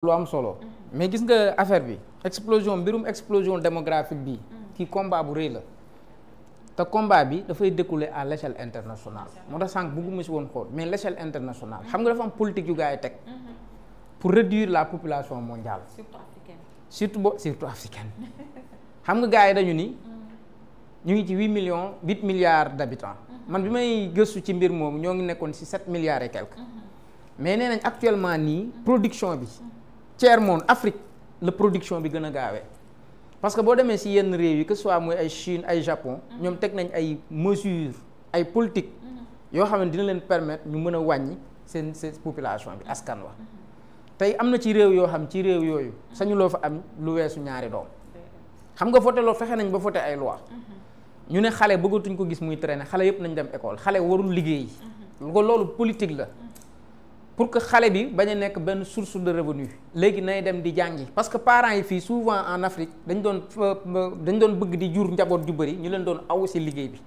lu am solo mm-hmm. mais gis nga affaire bi explosion mbirum explosion démographique bi ci mm-hmm. combat bu rëy la te combat bi dafay découler à l'échelle internationale moo tax sànq bëgguma si woon xool mais l'échelle internationale mm-hmm. xam nga dafa am politique yu gars teg pour réduire la population mondiale surtout bo surtout africaine xam nga gars yi dañu ni ñu ngi ci huit millions huit milliards d'habitants man bi may gëstu ci mbir moomu ñoo ngi nekkoon ci sept milliards et mais nee actuellement nii production bi tiers monde Afrique la production bi gën a gaawee parce que boo demee si yenn réew yi que ce soit mooy ay Chine ay Japon mm-hmm. ñoom teg nañ ay mesures ay politique mm-hmm. yoo xam ne dina leen permettre ñu mën a wàññi seen seen population bi askan wa mm-hmm. tey am na ci réew yoo xam ci réew yooyu sañu fa am lu weesu ñaari doom xam nga voté loo fexe nañ ba voté ay loi ñu ne xale bëggatuñ ko gis muy traîner xale yëpp nañu dem école xale warul liggéey ko loolu politique la pour que xale bi bañ a nekk benn source de revenu léegi nay dem di jàngi parce que parents yi fii souvent en Afrique dañ doon dañ doon bëgg di jur njaboot ju bëri ñu leen doon aw si liggéey bi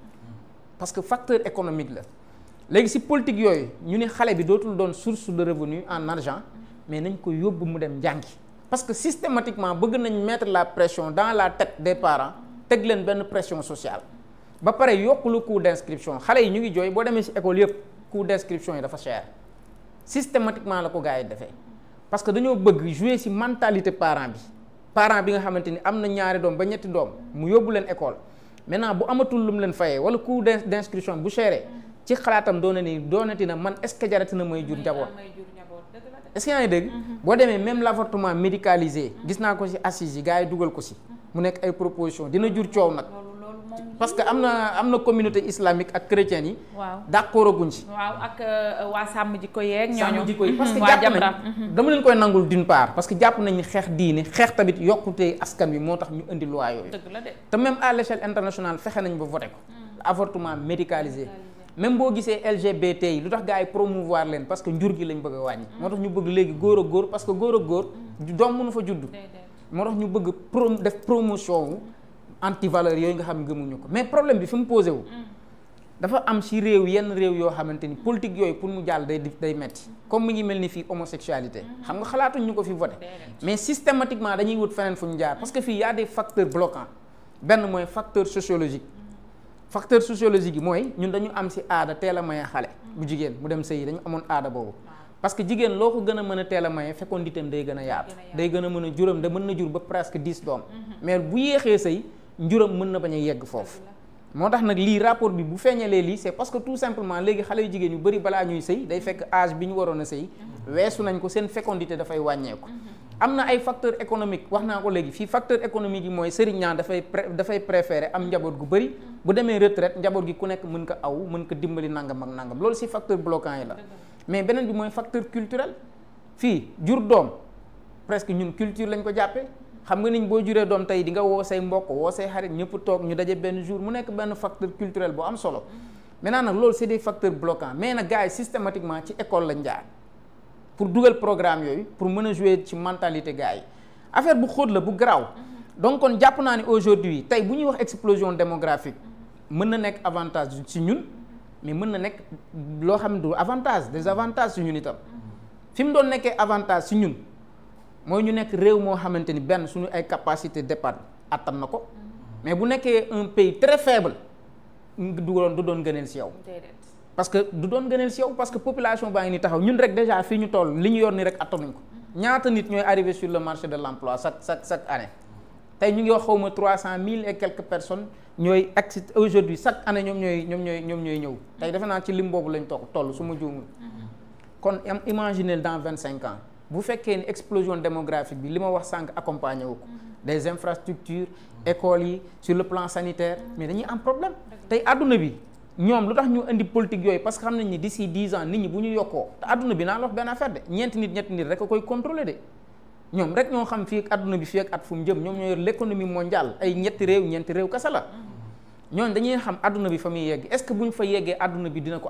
parce que facteur économique la léegi si politique yooyu ñu ne xale bi dootul doon source de revenu en argent mais nañ ko yóbbu mu dem jàngi parce que systématiquement bëgg nañ mettre la pression dans la tête des parents teg leen benn pression sociale ba pare yokk lu d' inscription xale yi ñu ngi jooy boo demee si école yëpp coût d' inscription systématiquement la ko gars yi defee parce que dañoo bëgg jouer ci mentalité parent bi parent bi nga xamante ni am na ñaari doom ba ñetti doom mu yóbbu leen école maintenant bu amatul lu mu leen fayee wala coût d'inscription bu chéré ci xalaatam doon na ni doonati na man est-ce que jarati na may jur njaboot est-ce que yaa ngi mhm. boo demee même l'avortement médicalisé gis naa ko si assises yi gars yi dugal ko si mu nekk ay proposition dina jur coow nag parce que am na am na communauté islamique ak chrétiens yi. waaw d'accord guñ ci. waaw ak euh, waa sàmm jikko ko ñooñu sàmm jikko yi parce que jàpp nañ dama leen koy nangul d'une part jàpp nañ ni xeex diine xeex tamit yokkute askan wi moo tax ñu indi loi yooyu. la de te même à l'échelle international fexe nañ ba voté ko. Hmm. avortement médicalisé. même boo gisee LGBT yi lu tax gars yi promouvoir leen parce que njur gi lañ bëgg a wàññi. Hmm. moo tax ñu bëgg léegi góor a góor parce que góor a góor. Hmm. doom mënu fa judd. moo tax ñu bëgg pro def promotion wu antivaleur yooyu nga xam gëmuñu ko mais problème bi fi mu posé wu. Mm. dafa am ci réew yenn réew yoo xamante ni politique yooyu pour mu jàll day day metti comme mi ngi mel ni fii homosexualité mm. xam nga xalaatuñ ñu ko fi voté mais systématiquement dañuy wut feneen fu ñu jaar parce que fii y a des facteurs bloquants benn mooy facteur sociologique facteur sociologique yi mooy ñun dañu am si aada teel a maye xale bu jigéen mu dem yi dañu amoon aada boobu parce que jigéen loo ko gën a mën a teel a maye féconditéem day gën a yaatu day gën a mën a juram da mën na jur ba presque dix doom mm-hmm. njuram mën na bañ a yegg foofu moo tax nag lii rapport bi bu feeñalee lii c'est parce que tout simplement léegi xale yu jigéen ñu bëri balaa ñuy sëy day fekk âge bi ñu waroon a sëy mhm. weesu nañ ko seen fécondité dafay wàññeeku. Mhm. am na ay facteur économique wax naa ko léegi fii facteur économique yi mooy sëriñ ñaa dafay dafay préférer am njaboot gu bëri mhm. bu demee retraite njaboot gi ku nekk mën ko aw mën ko dimbali nangam ak nangam loolu si facteur bloquant la mais beneen bi mooy facteur culturel fii jur doom presque ñun culture lañ ko jàppee xam nga niñ boo juree doom tey di nga woo say mbokk woo say xarit ñëpp toog ñu daje benn jour mu nekk benn facteur culturel bu am solo maintenant nag loolu c'est des facteurs bloquants mais nag gars yi systématiquement ci école lañ jaar pour dugal programme yooyu pour mën a jouer ci mentalité gars yi affaire bu xóot la bu garaaw donc kon jàpp naa ne aujourd'hui tey bu ñuy wax explosion démographique mën na nekk avantage si ñun mais mën na nekk loo xam ne du avantage des avantages ci ñun itam fi mu doon nekkee avantage si ñun mooy ñu nekk réew moo xamante ni benn suñu ay capacité d'épargne attan na ko mais bu nekkee un pays très faible du doon du doon gëneel si yow. parce que du doon gëneel si yow parce que population baa ngi ni taxaw ñun rek déjà fii ñu toll li ñu yor ni rek attanuñ ko ñaata nit ñooy arrivé sur le marché de l'emploi chaque chaque chaque année. tey ñu ngi wax xawma trois cent mille et quelques personnes ñooy accès aujourd'hui chaque année ñoom ñooy ñoom ñooy ñoom ñooy ñëw tey defe naa ci lim boobu toog toll su ma mm-hmm. kon am imaginer dans vingt cinq bu fekkee ni explosion démographique bi li ma wax sànq accompagné wu ko mm-hmm. des infrastructures écoles yi sur le plan sanitaire mm-hmm. mais dañuy am problème tey àdduna bi ñoom lu tax ñu indi politique yooyu parce que xam nañ ni d'ici dix ans nit ñi bu ñu yokkoo te àdduna bi naa la wax benn affaire de ñeenti nit ñetti nit rek a koy contrôler de ñoom rek ñoo xam fii ak àdduna bi fii ak at fu mu jëm ñoom ñoo yor l'économie mondiale ay ñetti réew ñeenti réew kese la mm-hmm. ñooñu dañuy xam àdduna bi fa muy yegg est que bu ñu fa yeggee àdduna bi dina ko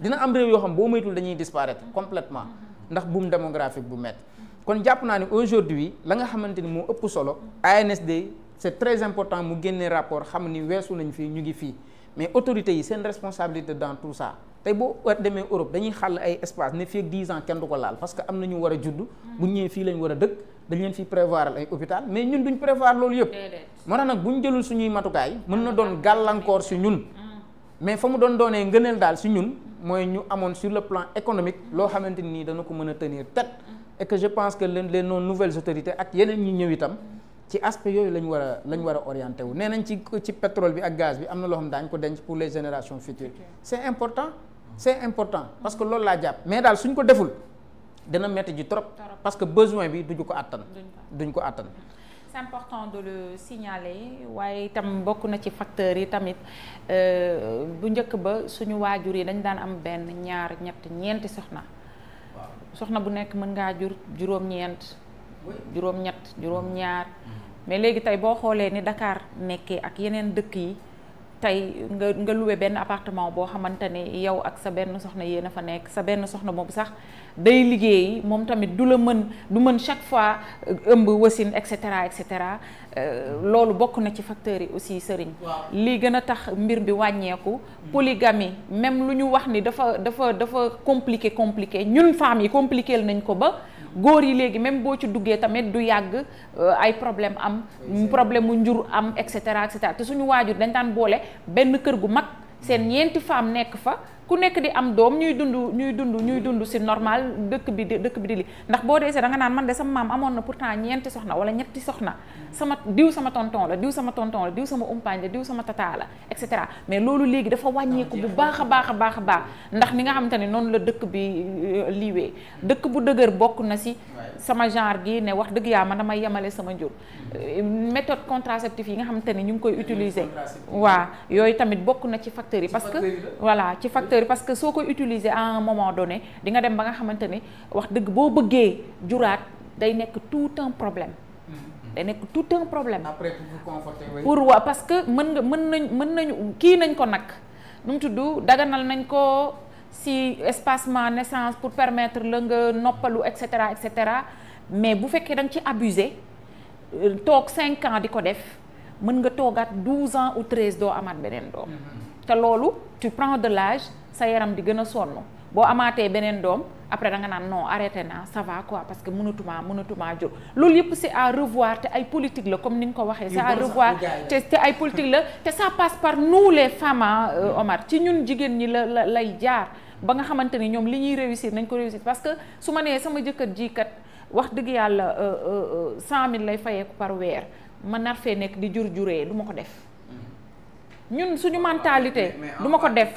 dina am réew yoo xam boo moytul dañuy disparaître complètement ndax boom démographique bu métti kon jàpp naa ne aujourd'hui la nga xamante ni moo ëpp solo ANSD c'est très important mu génne rapport xam ni weesu nañ fii ñu ngi fii mais autorités yi seen responsabilité dans tout ça tey boo demee Europe dañuy xàll ay espace ne fii ak 10 ans kenn du ko laal parce que am na ñu war a judd bu ñëwee fii lañ war a dëkk dañ leen fi prévoir ay hôpital mais ñun duñ prévoir loolu yëpp moo tax nag bu ñu jëlul suñuy matukaay mën na doon gàllankoor si ñun mm. mais si ñun mooy ñu amoon sur le plan économique loo xamante nii dana ko mën a tenir tête et que je pense que les nos nouvelles autorités ak yeneen ñi ñëw itam ci aspect yooyu lañ war a lañ war a wu nee nañ ci ci pétrole bi ak gaz bi am na loo xam daañ ko denc pour les générations futures c'est important c'est important parce que loolu laa jàpp mais daal suñ ko deful dana metti ji trop parce que besoin bi duñu ko àttan duñ ko àttan c'est important de le signaler waaye itam bokk na ci facteur yi tamit euh, bu njëkk ba suñu waajur yi dañ daan am benn ñaar ñett ñeenti soxna. soxna bu nekk mën ngaa jur juróom-ñeent. juróom ñaar mm. mais léegi tey boo xoolee ni Dakar nekkee ak yeneen dëkk yi. tey nga nga loué benn appartement boo xamante ne yow ak sa benn soxna yéen a fa nekk sa benn soxna boobu sax day liggéey moom tamit du la mën du mën chaque fois euh, ëmb wasin et cetera et cetera euh, loolu bokk na ci facteurs yi aussi sëriñ lii gën a tax mbir bi wàññeeku polygamie même lu ñu wax ni dafa dafa dafa compliqué compliqué ñun femmes yi compliqué nañ ko ba góor yi léegi même boo ci duggee tamit du yàgg euh, ay problème am problème mu njur am et cetera et cetera te suñu waajur dañ daan boole benn kër gu mag seen ñeenti femme nekk fa ku nekk di am doom ñuy dund ñuy dund ñuy dund si normal dëkk bi dëkk bi di li ndax boo dee see da nga naan man de sama maam amoon na pourtant ñeenti soxna wala ñetti soxna sama diw sama tonton la diw sama tonton la diw sama umpaañ la diw sama tata la et cetera mais loolu léegi dafa wàññeeku bu baax a baax a baax a baax ndax ni nga xamante ne noonu la dëkk bi euh, liiwee dëkk bu dëgër bokk na si sama genre gi ne wax dëgg yaa man damay yemale sama njur euh, méthode contraceptive yi nga xamante ne ñu ngi koy utiliser yi facteurs parce que soo koy utiliser en un moment donné di nga dem ba nga xamante ne wax dëgg boo bëggee juraat day nekk tout un problème. Mm-hmm. day nekk tout un problème. après pour vous parce que mën nga mën nañ mën nañu kii nañ ko nag nu mu tudd daganal nañ ko si espacement naissance pour permettre la nga noppalu et cetera et cetera mais bu fekkee da nga ci abusé euh, toog 5 ans di ko def mën nga toogaat 12 ans ou 13 doo amaat beneen doom. Mm-hmm. te loolu tu prends de l'âge sa yaram di gën a sonn boo amaatee beneen doom après da nga naan non arrêté naa ça va parce que mënatumaa mënatumaa jur loolu yëpp si à revoir te ay politique la comme ni nga ko waxee c'est à revoir te te ay politique la te ça passe par nous les femmes euh, mm. Omar ci ñun jigéen ñi la la lay jaar ba nga xamante ni ñoom li ñuy réussir nañ ko réussir parce que su ma nee sama jëkkër jii kat wax dëgg yàlla euh, euh, cent mille lay fayeeku par weer ma nar fee nekk di jur juree du ma ko def ñun suñu oh, mentalité du ma ko def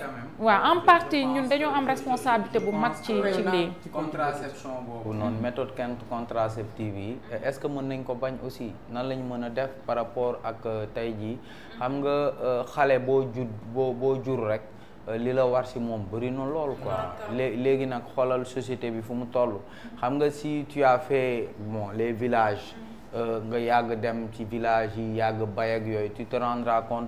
waa en partie ñun dañoo am responsabilité bu mag ci ci lii contraception boobu noonu méthode kent contraceptive yi est-ce que mën nañ ko bañ aussi nan lañ mën a def par rapport ak euh, tey jii xam nga euh, xale boo jur boo boo jur rek euh, li la war si moom bëri na lool quoi léegi nag xoolal société bi fu mu toll xam nga si tu as fait bon les villages mm. nga yàgg dem ci village yi yàgg bayak yooyu tu te rendras